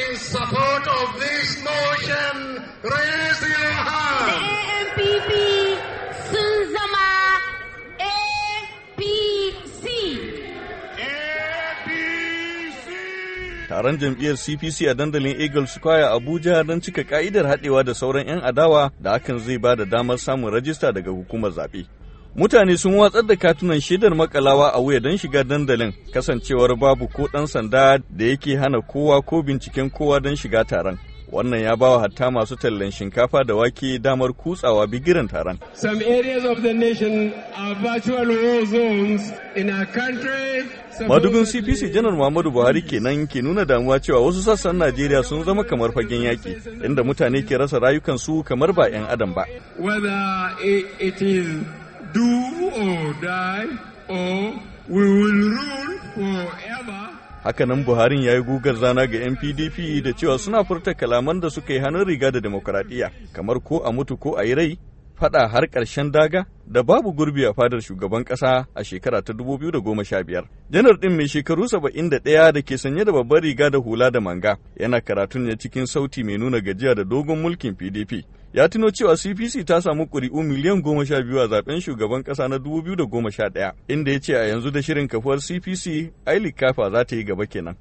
in support of this motion, raise your hand. The AMPP sun zama APC. APC. Taron jam'iyyar CPC a dandalin Eagle Square Abuja don cika ka'idar haɗewa da sauran 'yan adawa da hakan zai ba da damar samun rajista daga hukumar zaɓe. Mutane sun watsar da katunan shaidar makalawa a wuya don shiga dandalin kasancewar babu ko ɗan sanda da yake hana kowa ko binciken kowa don shiga taron. Wannan ya bawa hatta masu tallan shinkafa da wake damar kutsawa bigiran taron. Madubin CPC Janar Muhammadu Buhari kenan ke nuna damuwa cewa wasu sassan Najeriya sun zama kamar fagen yaƙi, inda mutane ke rasa rayukansu kamar ba 'yan adam ba. do or die or we will rule forever. Hakanan Buharin ya yi gugar zana ga 'yan PDP da cewa suna furta kalaman da suka yi hannun riga da demokuraɗiyya, kamar ko a mutu ko a yi rai faɗa har ƙarshen daga da babu gurbi a fadar shugaban ƙasa a shekara ta 2015. Janar ɗin mai shekaru 71 da ke sanye da babbar riga da hula da manga yana karatun ne cikin sauti mai nuna gajiya da dogon mulkin PDP. Ya tuno cewa CPC ta samu ƙuri'u miliyan goma sha biyu a zaɓen shugaban ƙasa na 2011 inda ya ce a yanzu da shirin kafuwar CPC ai likafa za ta yi gaba kenan.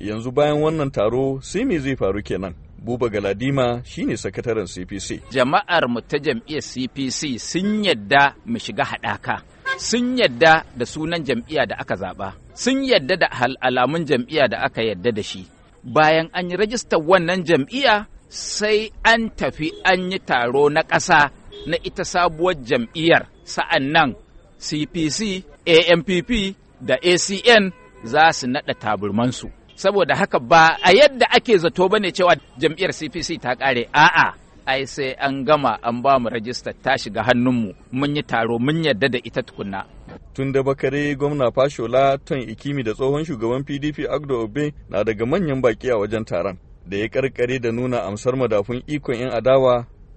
Yanzu bayan wannan taro sai me zai faru kenan? Buba Galadima shine sakataren CPC. Jama'ar mu ta jam'iyyar CPC sun yadda mu shiga haɗaka. Sun yadda da sunan jam'iyya da aka zaɓa. Sun yadda da alamun jam'iyya da aka yadda da shi. Bayan an yi rajistar wannan jam'iyya sai an tafi an yi taro na ƙasa na ita sabuwar jam'iyyar sa'an nan CPC, AMPP da ACN za su naɗa taburmansu. saboda haka ba a yadda ake zato ba ne cewa jam'iyyar CPC ta kare a'a ai sai an gama an ba mu rajista ta shiga hannunmu mun yi taro mun yarda da ita tukunna tun da bakare gwamna fashola ton ikimi da tsohon shugaban pdp agdo obe na daga manyan baki a wajen taron da ya karkare da nuna amsar madafun ikon yan adawa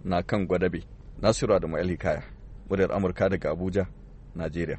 na kan gwadabe nasiru adamu hikaya muryar amurka daga abuja najeriya